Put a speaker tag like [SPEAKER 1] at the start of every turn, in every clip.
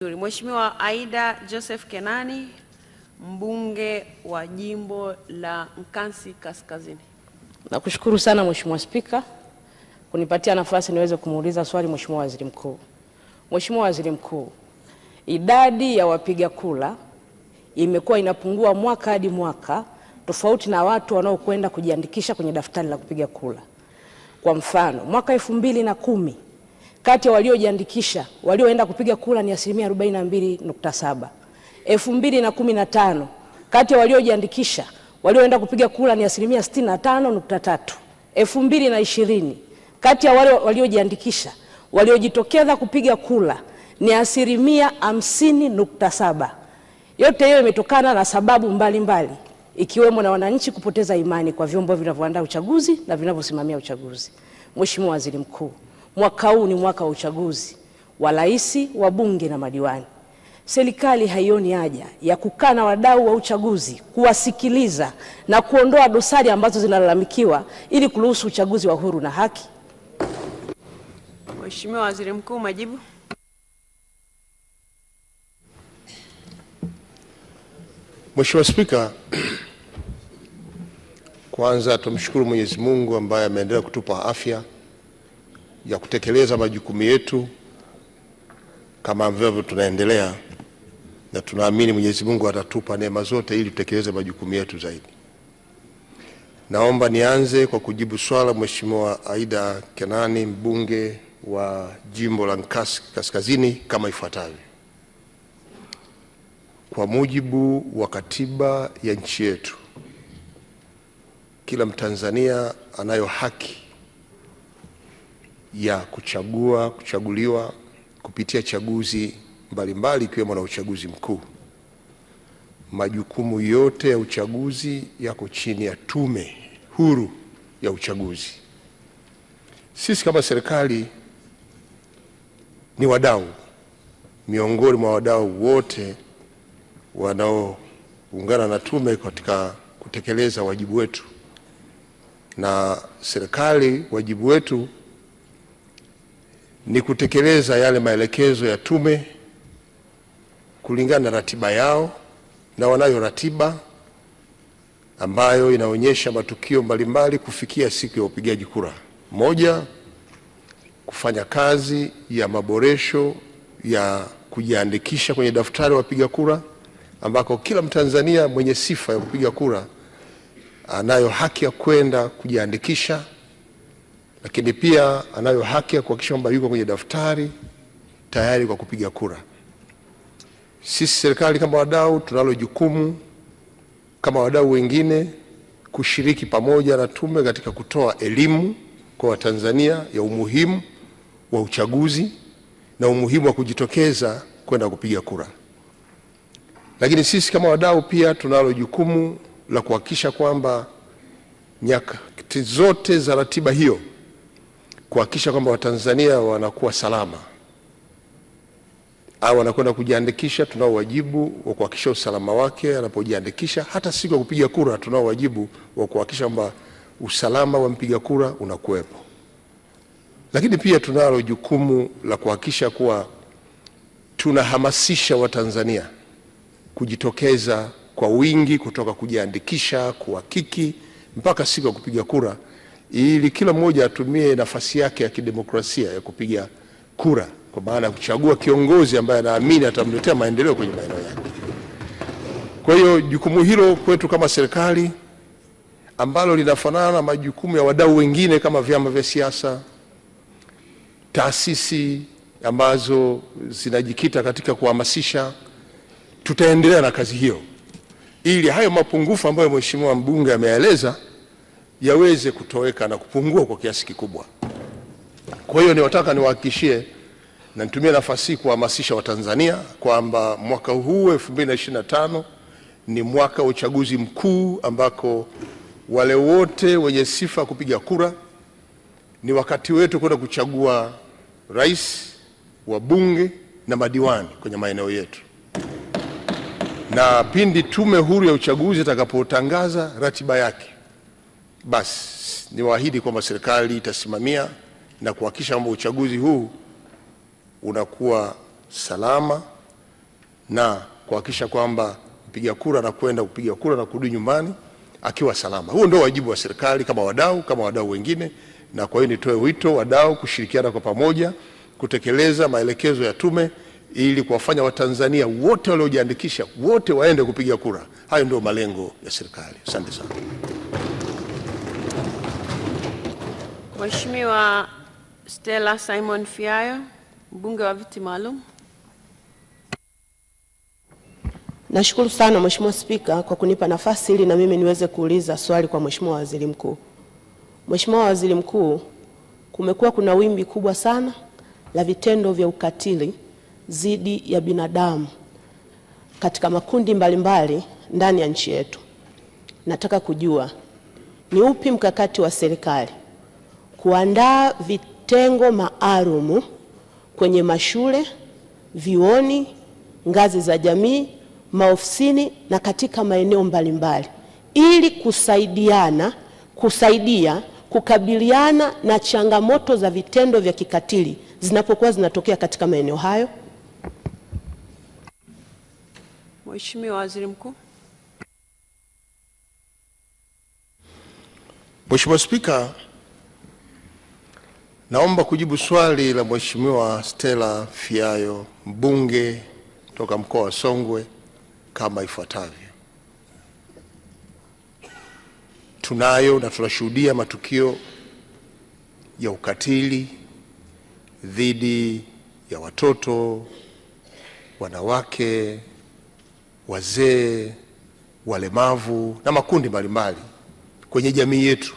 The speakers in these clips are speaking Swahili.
[SPEAKER 1] Mheshimiwa Aida Joseph Kenani, mbunge wa jimbo la Mkansi Kaskazini.
[SPEAKER 2] Nakushukuru sana Mheshimiwa Spika kunipatia nafasi niweze kumuuliza swali Mheshimiwa Waziri Mkuu. Mheshimiwa Waziri Mkuu, idadi ya wapiga kura imekuwa inapungua mwaka hadi mwaka tofauti na watu wanaokwenda kujiandikisha kwenye daftari la kupiga kura. Kwa mfano, mwaka elfu mbili na kumi kati ya waliojiandikisha walioenda kupiga kura ni asilimia 42.7. 2015 kati ya waliojiandikisha walioenda kupiga kura ni asilimia 65.3. 2020 kati ya wale waliojiandikisha waliojitokeza kupiga kura ni asilimia 50.7. Yote hiyo imetokana na sababu mbalimbali mbali, ikiwemo na wananchi kupoteza imani kwa vyombo vinavyoandaa uchaguzi na vinavyosimamia uchaguzi. Mheshimiwa Waziri Mkuu Mwaka huu ni mwaka wa uchaguzi wa rais, wa bunge na madiwani. Serikali haioni haja ya kukaa na wadau wa uchaguzi kuwasikiliza na kuondoa dosari ambazo zinalalamikiwa ili kuruhusu uchaguzi wa huru na haki?
[SPEAKER 1] Mheshimiwa Waziri Mkuu, majibu.
[SPEAKER 3] Mheshimiwa Spika, kwanza tumshukuru Mwenyezi Mungu ambaye ameendelea kutupa afya ya kutekeleza majukumu yetu kama ambavyo tunaendelea, na tunaamini Mwenyezi Mungu atatupa neema zote ili tutekeleze majukumu yetu zaidi. Naomba nianze kwa kujibu swala Mheshimiwa Aida Kenani, mbunge wa jimbo la Nkasi Kaskazini, kama ifuatavyo. Kwa mujibu wa katiba ya nchi yetu, kila Mtanzania anayo haki ya kuchagua kuchaguliwa kupitia chaguzi mbalimbali ikiwemo na uchaguzi mkuu. Majukumu yote ya uchaguzi yako chini ya Tume Huru ya Uchaguzi. Sisi kama serikali ni wadau miongoni mwa wadau wote wanaoungana na tume katika kutekeleza wajibu wetu, na serikali wajibu wetu ni kutekeleza yale maelekezo ya tume kulingana na ratiba yao, na wanayo ratiba ambayo inaonyesha matukio mbalimbali kufikia siku ya upigaji kura. Moja, kufanya kazi ya maboresho ya kujiandikisha kwenye daftari wapiga kura, ambako kila Mtanzania mwenye sifa ya kupiga kura anayo haki ya kwenda kujiandikisha lakini pia anayo haki ya kuhakikisha kwamba yuko kwenye daftari tayari kwa kupiga kura. Sisi serikali kama wadau tunalo jukumu kama wadau wengine kushiriki pamoja na tume katika kutoa elimu kwa Watanzania ya umuhimu wa uchaguzi na umuhimu wa kujitokeza kwenda kupiga kura. Lakini sisi kama wadau pia tunalo jukumu la kuhakikisha kwamba nyakati zote za ratiba hiyo kuhakikisha kwamba Watanzania wanakuwa salama au wanakwenda kujiandikisha. Tunao wajibu wa kuhakikisha usalama wake anapojiandikisha. Hata siku ya kupiga kura, tunao wajibu wa kuhakikisha kwamba usalama wa mpiga kura unakuwepo, lakini pia tunalo jukumu la kuhakikisha kuwa tunahamasisha Watanzania kujitokeza kwa wingi kutoka kujiandikisha, kuhakiki mpaka siku ya kupiga kura ili kila mmoja atumie nafasi yake ya kidemokrasia ya kupiga kura, kwa maana ya kuchagua kiongozi ambaye anaamini atamletea maendeleo kwenye maeneo yake. Kwa hiyo jukumu hilo kwetu kama serikali ambalo linafanana na majukumu ya wadau wengine kama vyama vya siasa, taasisi ambazo zinajikita katika kuhamasisha, tutaendelea na kazi hiyo ili hayo mapungufu ambayo Mheshimiwa mbunge ameeleza yaweze kutoweka na kupungua kwa kiasi kikubwa. Kwa hiyo niwataka niwahakikishie na nitumie nafasi hii kuwahamasisha Watanzania kwamba mwaka huu 2025 ni mwaka wa uchaguzi mkuu ambako wale wote wenye sifa kupiga kura, ni wakati wetu kwenda kuchagua rais, wabunge na madiwani kwenye maeneo yetu, na pindi Tume Huru ya Uchaguzi itakapotangaza ratiba yake basi niwaahidi kwamba serikali itasimamia na kuhakikisha kwamba uchaguzi huu unakuwa salama na kuhakikisha kwamba mpiga kura anakwenda kupiga kura na kurudi nyumbani akiwa salama. Huo ndio wajibu wa serikali kama wadau, kama wadau wengine, na kwa hiyo nitoe wito wadau kushirikiana kwa pamoja kutekeleza maelekezo ya tume ili kuwafanya Watanzania wote waliojiandikisha wote waende kupiga kura. Hayo ndio malengo ya serikali. Asante sana.
[SPEAKER 1] Mheshimiwa Stella Simon Fiayo, mbunge wa viti maalum.
[SPEAKER 4] Nashukuru sana Mheshimiwa Spika kwa kunipa nafasi ili na mimi niweze kuuliza swali kwa Mheshimiwa Waziri Mkuu. Mheshimiwa Waziri Mkuu, kumekuwa kuna wimbi kubwa sana la vitendo vya ukatili dhidi ya binadamu katika makundi mbalimbali mbali ndani ya nchi yetu. Nataka kujua ni upi mkakati wa serikali kuandaa vitengo maalumu kwenye mashule, vioni, ngazi za jamii, maofisini na katika maeneo mbalimbali ili kusaidiana kusaidia kukabiliana na changamoto za vitendo vya kikatili zinapokuwa zinatokea katika maeneo hayo.
[SPEAKER 1] Mheshimiwa Waziri Mkuu.
[SPEAKER 3] Mheshimiwa Spika, Naomba kujibu swali la Mheshimiwa Stella Fiayo, mbunge toka mkoa wa Songwe kama ifuatavyo. Tunayo na tunashuhudia matukio ya ukatili dhidi ya watoto, wanawake, wazee, walemavu na makundi mbalimbali kwenye jamii yetu.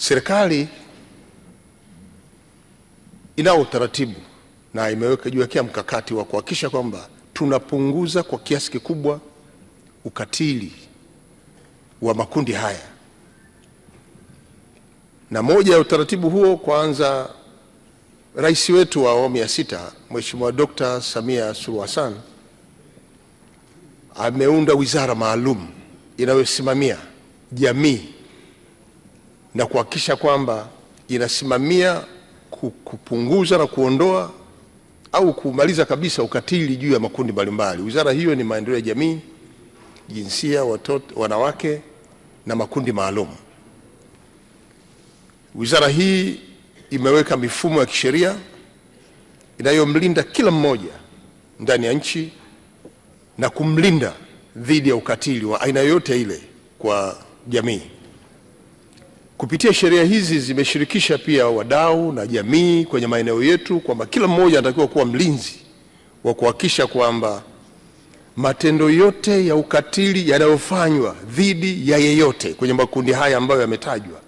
[SPEAKER 3] Serikali ina utaratibu na imeweka mkakati wa kuhakikisha kwamba tunapunguza kwa kiasi kikubwa ukatili wa makundi haya, na moja ya utaratibu huo, kwanza, rais wetu wa awamu ya sita Mheshimiwa Dkt. Samia Suluhu Hassan ameunda wizara maalum inayosimamia jamii na kuhakikisha kwamba inasimamia kupunguza na kuondoa au kumaliza kabisa ukatili juu ya makundi mbalimbali. Wizara hiyo ni maendeleo ya jamii, jinsia, watoto, wanawake na makundi maalum. Wizara hii imeweka mifumo ya kisheria inayomlinda kila mmoja ndani ya nchi na kumlinda dhidi ya ukatili wa aina yoyote ile kwa jamii. Kupitia sheria hizi zimeshirikisha pia wadau na jamii kwenye maeneo yetu, kwamba kila mmoja anatakiwa kuwa mlinzi wa kuhakikisha kwamba matendo yote ya ukatili yanayofanywa dhidi ya yeyote kwenye makundi haya ambayo yametajwa,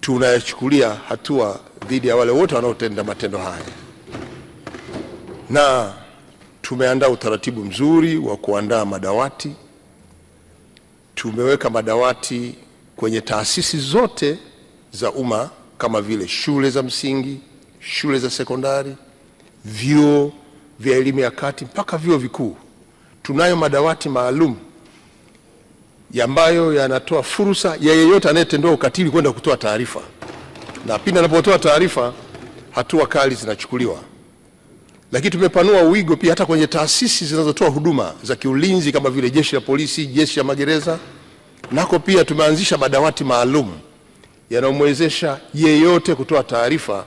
[SPEAKER 3] tunayachukulia hatua dhidi ya wale wote wanaotenda matendo haya, na tumeandaa utaratibu mzuri wa kuandaa madawati. Tumeweka madawati kwenye taasisi zote za umma kama vile shule za msingi, shule za sekondari, vyuo vya elimu ya kati mpaka vyuo vikuu. Tunayo madawati maalum ambayo yanatoa fursa ya yeyote anayetendewa ukatili kwenda kutoa taarifa, na pindi anapotoa taarifa hatua kali zinachukuliwa. Lakini tumepanua wigo pia hata kwenye taasisi zinazotoa huduma za kiulinzi kama vile jeshi la polisi, jeshi la magereza Nako pia tumeanzisha madawati maalum yanayomwezesha yeyote kutoa taarifa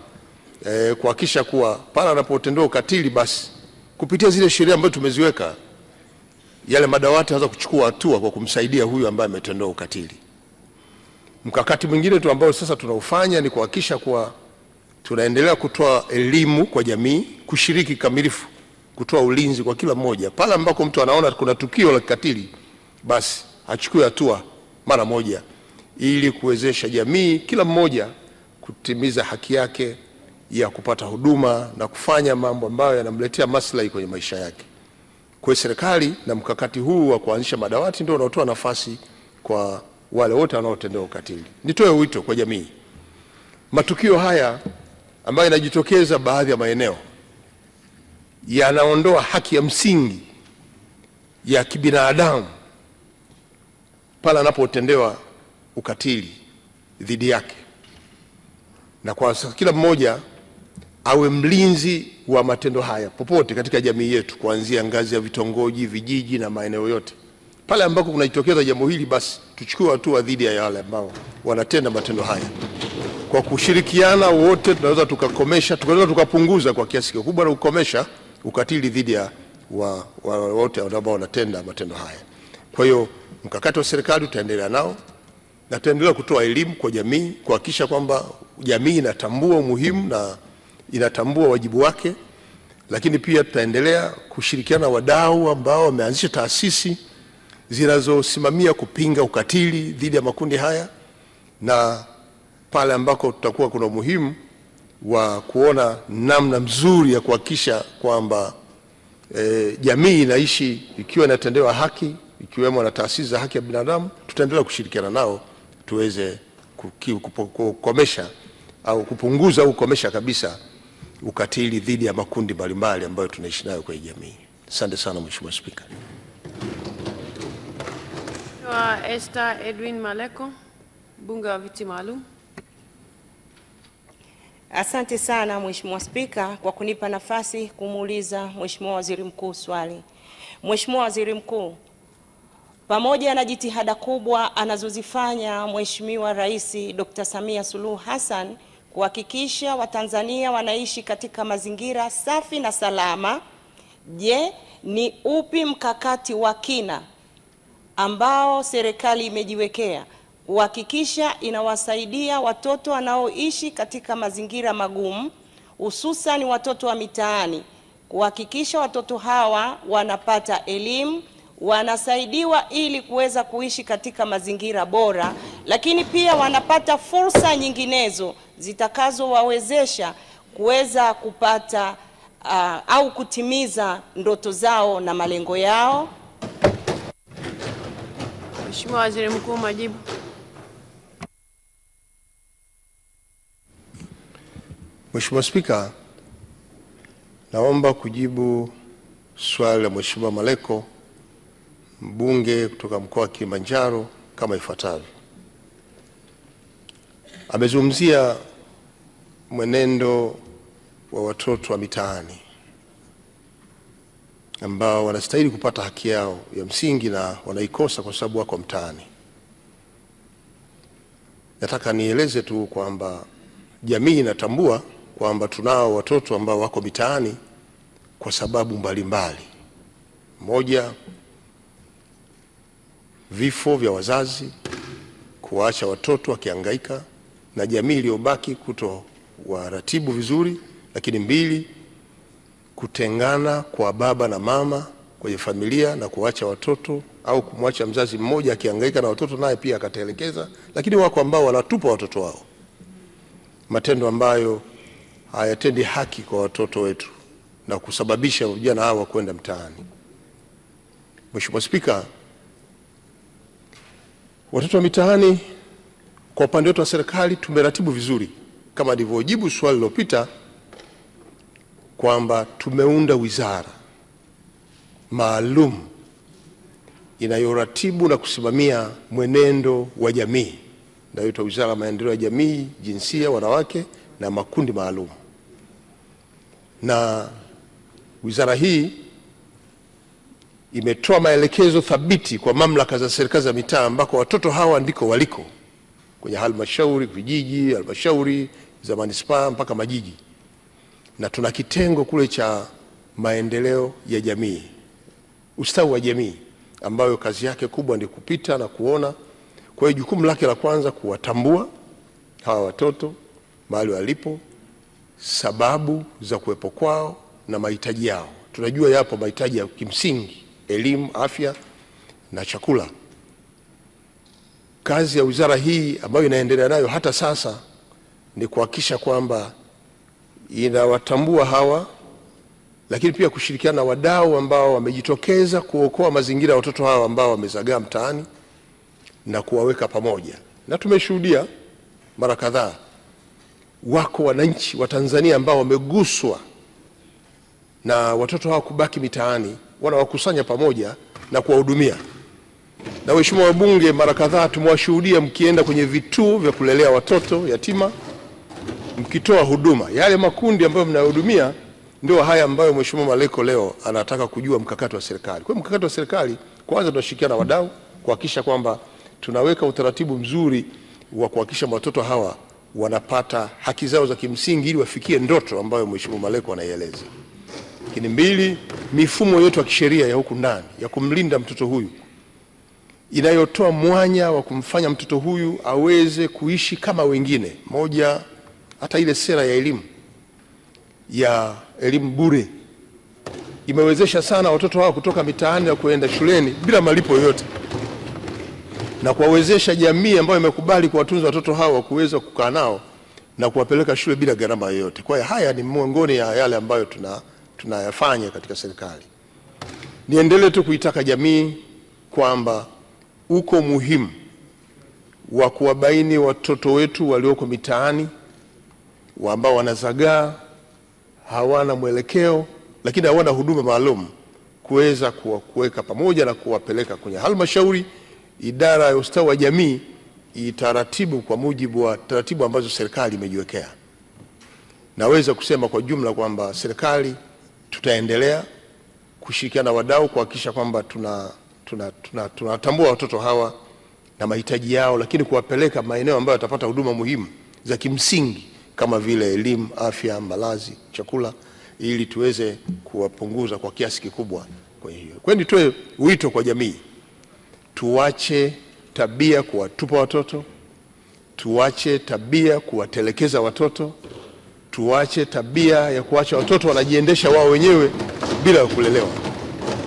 [SPEAKER 3] eh, kuhakikisha kuwa pale anapotendewa ukatili, basi kupitia zile sheria ambazo tumeziweka, yale madawati yanaweza kuchukua hatua kwa kumsaidia huyu ambaye ametendewa ukatili. Mkakati mwingine tu ambao sasa tunaufanya ni kuhakikisha kuwa tunaendelea kutoa elimu kwa jamii, kushiriki kikamilifu, kutoa ulinzi kwa kila mmoja. Pale ambako mtu anaona kuna tukio la kikatili, basi achukue hatua mara moja ili kuwezesha jamii, kila mmoja kutimiza haki yake ya kupata huduma na kufanya mambo ambayo yanamletea maslahi kwenye maisha yake. Kwa serikali na mkakati huu wa kuanzisha madawati ndio unaotoa nafasi kwa wale wote wanaotendewa ukatili. Nitoe wito kwa jamii, matukio haya ambayo yanajitokeza baadhi ya maeneo yanaondoa haki ya msingi ya kibinadamu pale anapotendewa ukatili dhidi yake, na kwa kila mmoja awe mlinzi wa matendo haya popote katika jamii yetu, kuanzia ngazi ya vitongoji, vijiji na maeneo yote. Pale ambako kunajitokeza jambo hili, basi tuchukue hatua dhidi ya wale ambao wanatenda matendo haya. Kwa kushirikiana wote, tunaweza tukakomesha, tunaweza tukapunguza kwa kiasi kikubwa na kukomesha ukatili dhidi ya wote wa, wote ambao wanatenda matendo haya. Kwa hiyo Mkakati wa serikali utaendelea nao na tutaendelea kutoa elimu kwa jamii kuhakikisha kwamba jamii inatambua umuhimu na inatambua wajibu wake, lakini pia tutaendelea kushirikiana na wadau ambao wameanzisha taasisi zinazosimamia kupinga ukatili dhidi ya makundi haya, na pale ambako tutakuwa kuna umuhimu wa kuona namna mzuri ya kuhakikisha kwamba e, jamii inaishi ikiwa inatendewa haki ikiwemo na taasisi za haki ya binadamu. Tutaendelea kushirikiana nao tuweze kukomesha au kupunguza au kukomesha kabisa ukatili dhidi ya makundi mbalimbali ambayo tunaishi nayo kwenye jamii. Asante sana Mheshimiwa Spika.
[SPEAKER 1] Esther Edwin Maleko, mbunge wa viti maalum.
[SPEAKER 5] Asante sana Mheshimiwa Spika kwa kunipa nafasi kumuuliza Mheshimiwa Waziri Mkuu swali. Mheshimiwa Waziri Mkuu, pamoja na jitihada kubwa anazozifanya Mheshimiwa Rais Dr. Samia Suluhu Hassan kuhakikisha Watanzania wanaishi katika mazingira safi na salama, je, ni upi mkakati wa kina ambao serikali imejiwekea kuhakikisha inawasaidia watoto wanaoishi katika mazingira magumu, hususan watoto wa mitaani, kuhakikisha watoto hawa wanapata elimu wanasaidiwa ili kuweza kuishi katika mazingira bora, lakini pia wanapata fursa nyinginezo zitakazowawezesha kuweza kupata uh, au kutimiza ndoto zao na malengo yao.
[SPEAKER 1] Mheshimiwa Waziri Mkuu, majibu.
[SPEAKER 3] Mheshimiwa Spika, naomba kujibu swali la Mheshimiwa Maleko mbunge kutoka mkoa wa Kilimanjaro kama ifuatavyo. Amezungumzia mwenendo wa watoto wa mitaani ambao wanastahili kupata haki yao ya msingi na wanaikosa kwa sababu wako mtaani. Nataka nieleze tu kwamba jamii inatambua kwamba tunao watoto ambao wako mitaani kwa sababu mbalimbali mbali. Moja, vifo vya wazazi, kuwaacha watoto wakihangaika na jamii iliyobaki kuto waratibu vizuri. Lakini mbili, kutengana kwa baba na mama kwenye familia na kuwacha watoto au kumwacha mzazi mmoja akihangaika na watoto naye pia akatelekeza. Lakini wako ambao wanatupa watoto wao, matendo ambayo hayatendi haki kwa watoto wetu na kusababisha vijana hawa kwenda mtaani. Mheshimiwa Spika, Watoto wa mitaani kwa upande wetu wa serikali tumeratibu vizuri, kama alivyojibu swali lilopita kwamba tumeunda wizara maalum inayoratibu na kusimamia mwenendo wa jamii inayoitwa Wizara ya Maendeleo ya Jamii, Jinsia, Wanawake na Makundi Maalum, na wizara hii imetoa maelekezo thabiti kwa mamlaka za serikali za mitaa ambako watoto hawa ndiko waliko kwenye halmashauri, vijiji, halmashauri za manispaa mpaka majiji, na tuna kitengo kule cha maendeleo ya jamii, ustawi wa jamii, ambayo kazi yake kubwa ni kupita na kuona. Kwa hiyo jukumu lake la kwanza kuwatambua hawa watoto mahali walipo, sababu za kuwepo kwao na mahitaji yao. Tunajua yapo mahitaji ya kimsingi elimu, afya na chakula. Kazi ya wizara hii ambayo inaendelea nayo hata sasa ni kuhakikisha kwamba inawatambua hawa, lakini pia kushirikiana na wadau ambao wamejitokeza kuokoa mazingira ya watoto hawa ambao wamezagaa mtaani na kuwaweka pamoja, na tumeshuhudia mara kadhaa, wako wananchi wa Tanzania ambao wameguswa na watoto hawa kubaki mitaani, wanawakusanya pamoja na kuwahudumia. Na waheshimiwa wabunge, mara kadhaa tumewashuhudia mkienda kwenye vituo vya kulelea watoto yatima mkitoa huduma. Yale makundi ambayo mnayohudumia ndio haya ambayo Mheshimiwa Maleko leo anataka kujua mkakati wa serikali. Kwa hiyo mkakati wa serikali, kwanza tunashirikiana na wadau kuhakikisha kwamba tunaweka utaratibu mzuri wa kuhakikisha watoto hawa wanapata haki zao za kimsingi ili wafikie ndoto ambayo Mheshimiwa Maleko anaieleza. Lakini mbili, mifumo yote ya kisheria ya huku ndani ya kumlinda mtoto huyu inayotoa mwanya wa kumfanya mtoto huyu aweze kuishi kama wengine. Moja, hata ile sera ya elimu ya elimu bure imewezesha sana watoto hawa kutoka mitaani na kuenda shuleni bila malipo yoyote na kuwawezesha jamii ambayo imekubali kuwatunza watoto hawa kuweza kukaa nao na kuwapeleka shule bila gharama yoyote. Kwa hiyo haya ni miongoni ya yale ambayo tuna tunayafanya katika serikali. Niendelee tu kuitaka jamii kwamba uko muhimu wa kuwabaini watoto wetu walioko mitaani ambao wanazagaa, hawana mwelekeo, lakini hawana huduma maalum, kuweza kuweka pamoja na kuwapeleka kwenye halmashauri. Idara ya ustawi wa jamii itaratibu kwa mujibu wa taratibu ambazo serikali imejiwekea. Naweza kusema kwa jumla kwamba serikali tutaendelea kushirikiana na wadau kuhakikisha kwamba tunatambua tuna, tuna, tuna, tuna watoto hawa na mahitaji yao, lakini kuwapeleka maeneo ambayo watapata huduma muhimu za kimsingi kama vile elimu, afya, malazi, chakula ili tuweze kuwapunguza kwa kiasi kikubwa. Kwa hiyo kwa nitoe wito kwa jamii, tuwache tabia kuwatupa watoto, tuwache tabia kuwatelekeza watoto tuache tabia ya kuacha watoto wanajiendesha wao wenyewe bila ya kulelewa,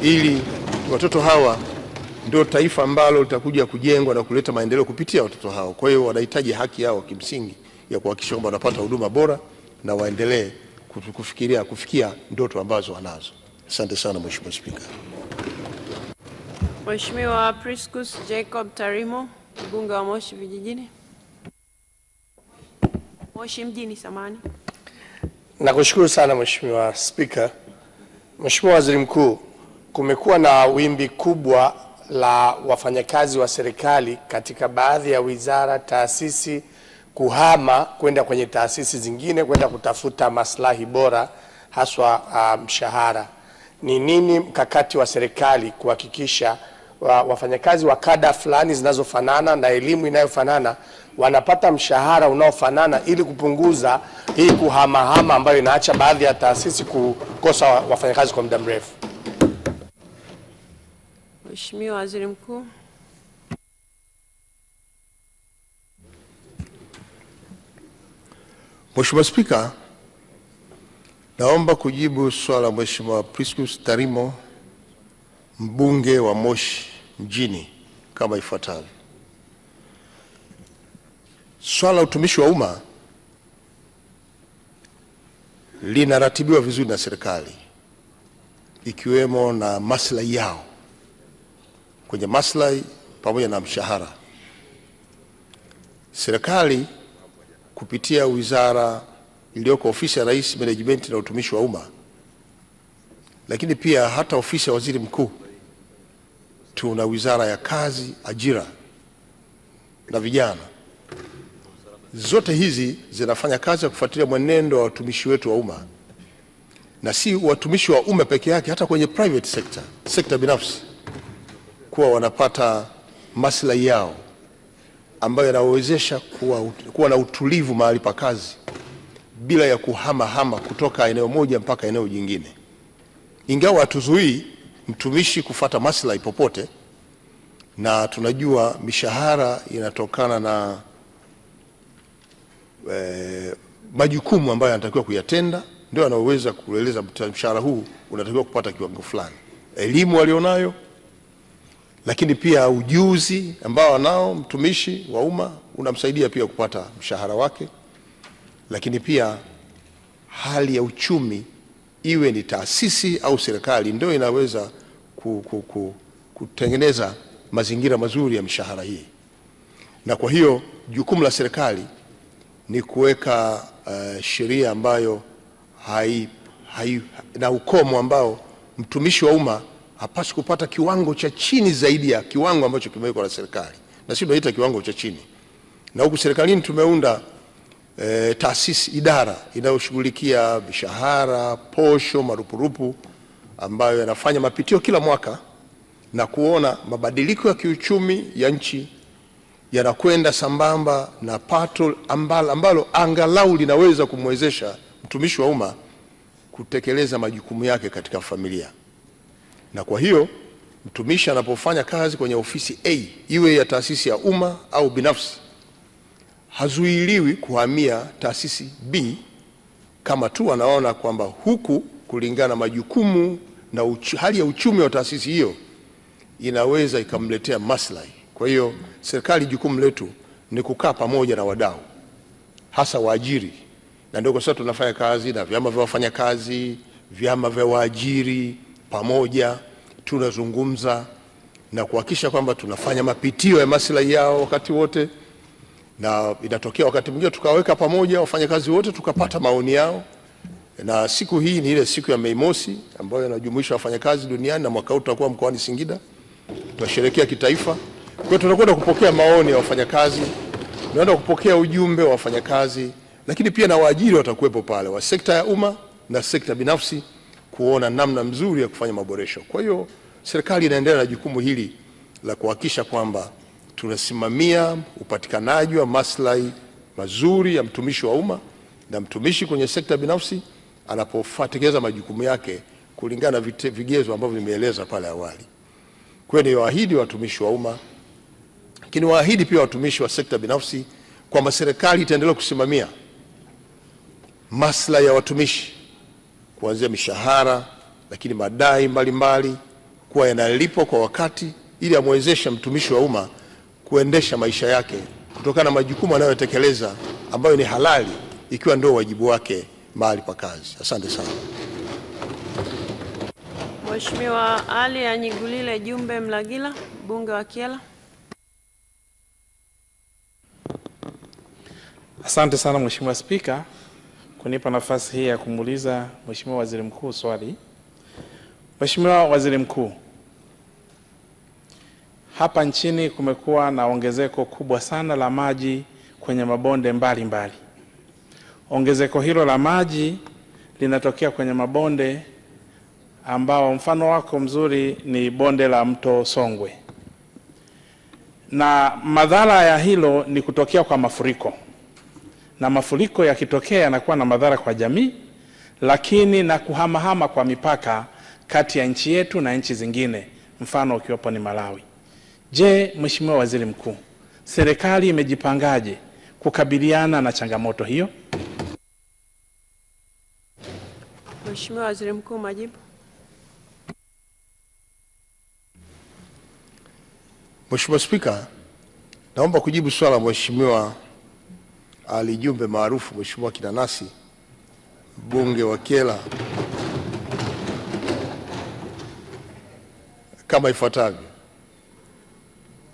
[SPEAKER 3] ili watoto hawa ndio taifa ambalo litakuja kujengwa na kuleta maendeleo kupitia watoto hao. Kwa hiyo wanahitaji haki yao kimsingi ya kuhakikisha kwamba wanapata huduma bora na waendelee kufikiria kufikia ndoto ambazo wanazo. Asante sana Mheshimiwa Spika.
[SPEAKER 1] Mheshimiwa Priscus Jacob Tarimo, mbunge wa Moshi vijijini, Moshi mjini, samani.
[SPEAKER 6] Nakushukuru sana Mheshimiwa Spika. Mheshimiwa Waziri Mkuu, kumekuwa na wimbi kubwa la wafanyakazi wa serikali katika baadhi ya wizara, taasisi kuhama kwenda kwenye taasisi zingine kwenda kutafuta maslahi bora haswa uh, mshahara. Ni nini mkakati wa serikali kuhakikisha wa, wafanyakazi wa kada fulani zinazofanana na elimu inayofanana wanapata mshahara unaofanana ili kupunguza hii kuhamahama ambayo inaacha baadhi ya taasisi kukosa wafanyakazi kwa muda mrefu.
[SPEAKER 1] Mheshimiwa Waziri Mkuu.
[SPEAKER 3] Mheshimiwa Spika, naomba kujibu swala la Mheshimiwa Priscus Tarimo, mbunge wa Moshi mjini kama ifuatavyo. Swala la utumishi wa umma linaratibiwa vizuri na serikali, ikiwemo na maslahi yao kwenye maslahi pamoja na mshahara. Serikali kupitia wizara iliyoko ofisi ya Rais management na utumishi wa umma, lakini pia hata ofisi ya waziri mkuu, tuna wizara ya kazi, ajira na vijana Zote hizi zinafanya kazi ya kufuatilia mwenendo wa watumishi wetu wa umma, na si watumishi wa umma peke yake, hata kwenye private sector, sekta binafsi, kuwa wanapata maslahi yao ambayo yanawezesha kuwa, kuwa na utulivu mahali pa kazi bila ya kuhamahama kutoka eneo moja mpaka eneo jingine. Ingawa hatuzuii mtumishi kufata maslahi popote, na tunajua mishahara inatokana na eh, majukumu ambayo anatakiwa kuyatenda ndio anaoweza kueleza mshahara huu unatakiwa kupata kiwango fulani, elimu walionayo lakini pia ujuzi ambao anao mtumishi wa umma unamsaidia pia kupata mshahara wake, lakini pia hali ya uchumi, iwe ni taasisi au serikali, ndio inaweza ku, ku, ku, kutengeneza mazingira mazuri ya mishahara hii, na kwa hiyo jukumu la serikali ni kuweka uh, sheria ambayo hai, hai, na ukomo ambao mtumishi wa umma hapaswi kupata kiwango cha chini zaidi ya kiwango ambacho kimewekwa na serikali, na sisi tunaita kiwango cha chini. Na huku serikalini tumeunda e, taasisi idara inayoshughulikia mishahara, posho, marupurupu ambayo yanafanya mapitio kila mwaka na kuona mabadiliko ya kiuchumi ya nchi yanakwenda sambamba na pato ambalo, ambalo angalau linaweza kumwezesha mtumishi wa umma kutekeleza majukumu yake katika familia. Na kwa hiyo mtumishi anapofanya kazi kwenye ofisi A iwe ya taasisi ya umma au binafsi, hazuiliwi kuhamia taasisi B kama tu anaona kwamba huku kulingana majukumu na uchu, hali ya uchumi wa taasisi hiyo inaweza ikamletea maslahi. Kwa hiyo Serikali jukumu letu ni kukaa pamoja na wadau, hasa waajiri, na ndio kwa sasa tunafanya kazi na vyama vya wafanyakazi, vyama vya waajiri, pamoja tunazungumza na kuhakikisha kwamba tunafanya mapitio ya maslahi yao wakati wote, na inatokea wakati mwingine tukaweka pamoja wafanyakazi wote tukapata maoni yao. Na siku hii ni ile siku ya Mei Mosi ambayo inajumuisha wafanyakazi duniani, na mwaka huu tutakuwa mkoani Singida tunasherehekea kitaifa. Kwa hiyo tunakwenda kupokea maoni ya wafanyakazi, tunaenda kupokea ujumbe wa wafanyakazi, lakini pia na waajiri watakuwepo pale wa sekta ya umma na sekta binafsi kuona namna mzuri ya kufanya maboresho. Kwa hiyo serikali inaendelea na jukumu hili la kuhakikisha kwamba tunasimamia upatikanaji wa maslahi mazuri ya mtumishi wa umma na mtumishi kwenye sekta binafsi anapofatekeleza majukumu yake kulingana na vigezo ambavyo nimeeleza pale awali. Kwa hiyo niwaahidi watumishi wa umma lakini waahidi pia watumishi wa sekta binafsi kwamba serikali itaendelea kusimamia maslahi ya watumishi kuanzia mishahara, lakini madai mbalimbali kuwa yanalipwa kwa wakati ili amwezeshe mtumishi wa umma kuendesha maisha yake kutokana na majukumu anayotekeleza ambayo ni halali, ikiwa ndio wajibu wake mahali pa kazi. Asante sana.
[SPEAKER 1] Mheshimiwa Ali Anyigulile Jumbe Mlagila, mbunge wa kiela
[SPEAKER 7] Asante sana Mheshimiwa Spika kunipa nafasi hii ya kumuuliza Mheshimiwa Waziri Mkuu swali. Mheshimiwa Waziri Mkuu, hapa nchini kumekuwa na ongezeko kubwa sana la maji kwenye mabonde mbalimbali mbali. Ongezeko hilo la maji linatokea kwenye mabonde ambao mfano wako mzuri ni bonde la mto Songwe, na madhara ya hilo ni kutokea kwa mafuriko na mafuriko yakitokea yanakuwa na madhara kwa jamii, lakini na kuhamahama kwa mipaka kati ya nchi yetu na nchi zingine, mfano ukiwapo ni Malawi. Je, Mheshimiwa Waziri Mkuu, serikali imejipangaje kukabiliana na changamoto hiyo?
[SPEAKER 1] Mheshimiwa Waziri Mkuu, majibu.
[SPEAKER 3] Mheshimiwa Spika, naomba kujibu swala Mheshimiwa ali jumbe maarufu Mheshimiwa Kinanasi, mbunge wa Kyela, kama ifuatavyo.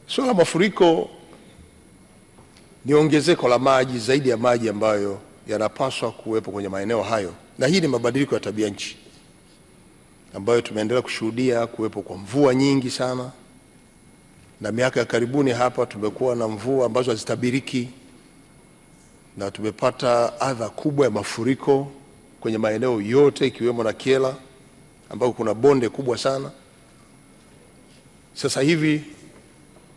[SPEAKER 3] swala la mafuriko ni ongezeko la maji zaidi ya maji ambayo yanapaswa kuwepo kwenye maeneo hayo, na hii ni mabadiliko ya tabia nchi ambayo tumeendelea kushuhudia kuwepo kwa mvua nyingi sana, na miaka ya karibuni hapa tumekuwa na mvua ambazo hazitabiriki na tumepata adha kubwa ya mafuriko kwenye maeneo yote ikiwemo na Kyela ambako kuna bonde kubwa sana. Sasa hivi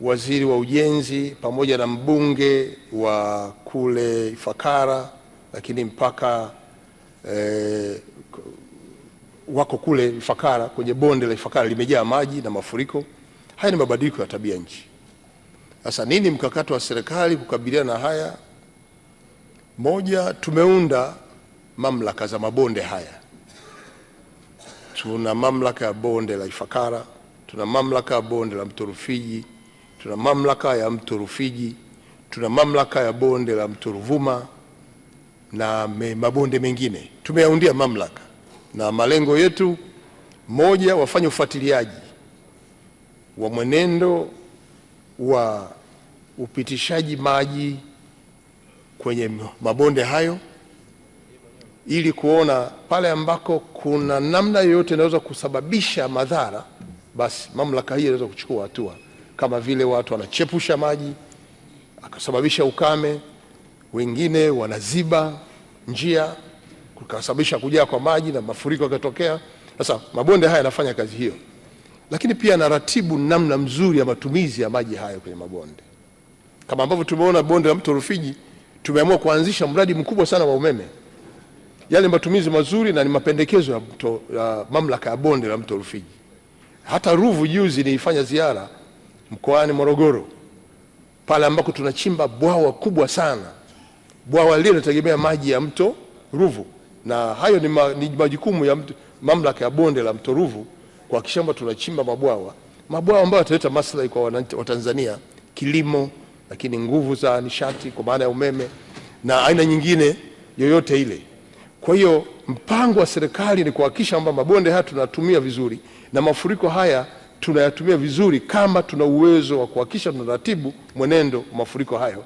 [SPEAKER 3] waziri wa ujenzi pamoja na mbunge wa kule Ifakara, lakini mpaka eh, wako kule Ifakara kwenye bonde la Ifakara limejaa maji na mafuriko. Haya ni mabadiliko ya tabia nchi. Sasa nini mkakati wa serikali kukabiliana na haya? Moja, tumeunda mamlaka za mabonde haya. Tuna mamlaka ya bonde la Ifakara, tuna mamlaka ya bonde la mto Rufiji, tuna mamlaka ya mto Rufiji, tuna mamlaka ya bonde la mto Ruvuma na me, mabonde mengine tumeyaundia mamlaka, na malengo yetu, moja, wafanye ufuatiliaji wa mwenendo wa upitishaji maji kwenye mabonde hayo ili kuona pale ambako kuna namna yoyote inaweza kusababisha madhara, basi mamlaka hii inaweza kuchukua hatua, kama vile watu wanachepusha maji akasababisha ukame, wengine wanaziba njia kukasababisha kujaa kwa maji na mafuriko yakatokea. Sasa mabonde haya yanafanya kazi hiyo, lakini pia anaratibu namna mzuri ya matumizi ya maji hayo kwenye mabonde, kama ambavyo tumeona bonde la mto Rufiji tumeamua kuanzisha mradi mkubwa sana wa umeme. Yale matumizi mazuri na ni mapendekezo ya, mto, ya mamlaka ya bonde la mto Rufiji. Hata Ruvu juzi niifanya ziara mkoani Morogoro pale ambako tunachimba bwawa kubwa sana. Bwawa lile linategemea maji ya mto Ruvu, na hayo ni, ma, ni majukumu ya mtu, mamlaka ya bonde la mto Ruvu kuhakikisha kwamba tunachimba mabwawa mabwawa ambayo yataleta maslahi kwa Watanzania, kilimo lakini nguvu za nishati kwa maana ya umeme na aina nyingine yoyote ile. Kwa hiyo mpango wa serikali ni kuhakikisha kwamba mabonde haya tunatumia vizuri na mafuriko haya tunayatumia vizuri, kama tuna uwezo wa kuhakikisha tunaratibu mwenendo wa mafuriko hayo,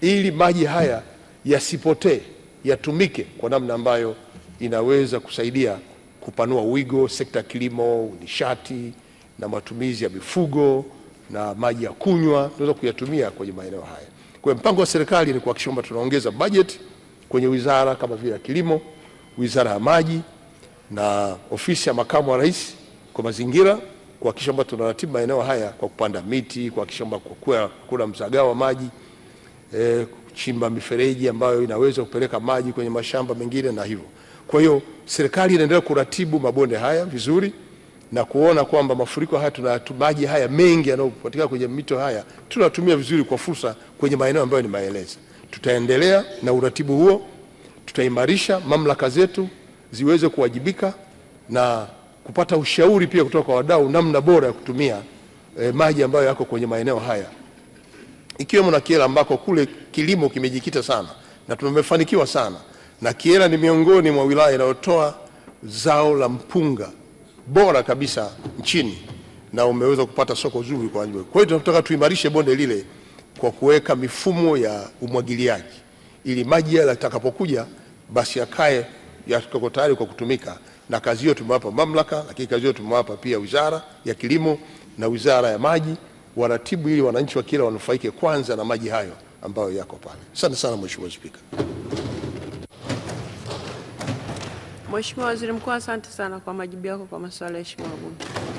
[SPEAKER 3] ili maji haya yasipotee, yatumike kwa namna ambayo inaweza kusaidia kupanua wigo sekta ya kilimo, nishati na matumizi ya mifugo na maji ya kunywa tunaweza kuyatumia kwenye maeneo haya. Kwa mpango wa serikali ni kuhakikisha kwamba tunaongeza bajeti kwenye wizara kama vile ya kilimo, wizara ya maji na ofisi ya makamu wa rais kwa mazingira, kuhakikisha kwamba tunaratibu maeneo haya kwa kupanda miti, kuhakikisha kwamba kuna msagao wa maji e, kuchimba mifereji ambayo inaweza kupeleka maji kwenye mashamba mengine na hivyo. Kwa hiyo serikali inaendelea kuratibu mabonde haya vizuri na kuona kwamba mafuriko haya tuna maji haya mengi yanayopatikana kwenye mito haya tunatumia vizuri kwa fursa kwenye maeneo ambayo nimeeleza. Tutaendelea na uratibu huo, tutaimarisha mamlaka zetu ziweze kuwajibika na kupata ushauri pia kutoka kwa wadau namna bora ya kutumia eh, maji ambayo yako kwenye maeneo haya ikiwemo na Kiela ambako kule kilimo kimejikita sana na tumefanikiwa sana, na Kiela ni miongoni mwa wilaya inayotoa zao la mpunga bora kabisa nchini na umeweza kupata soko zuri kwa ajili. Kwa hiyo tunataka tuimarishe bonde lile kwa kuweka mifumo ya umwagiliaji ili maji yale yatakapokuja basi yakae yako tayari kwa kutumika, na kazi hiyo tumewapa mamlaka, lakini kazi hiyo tumewapa pia Wizara ya Kilimo na Wizara ya Maji waratibu ili wananchi wa Kyela wanufaike kwanza na maji hayo ambayo yako pale. Asante sana Mheshimiwa Spika.
[SPEAKER 1] Mheshimiwa Waziri Mkuu, asante sana kwa majibu yako kwa maswali ya Mheshimiwa Bunge.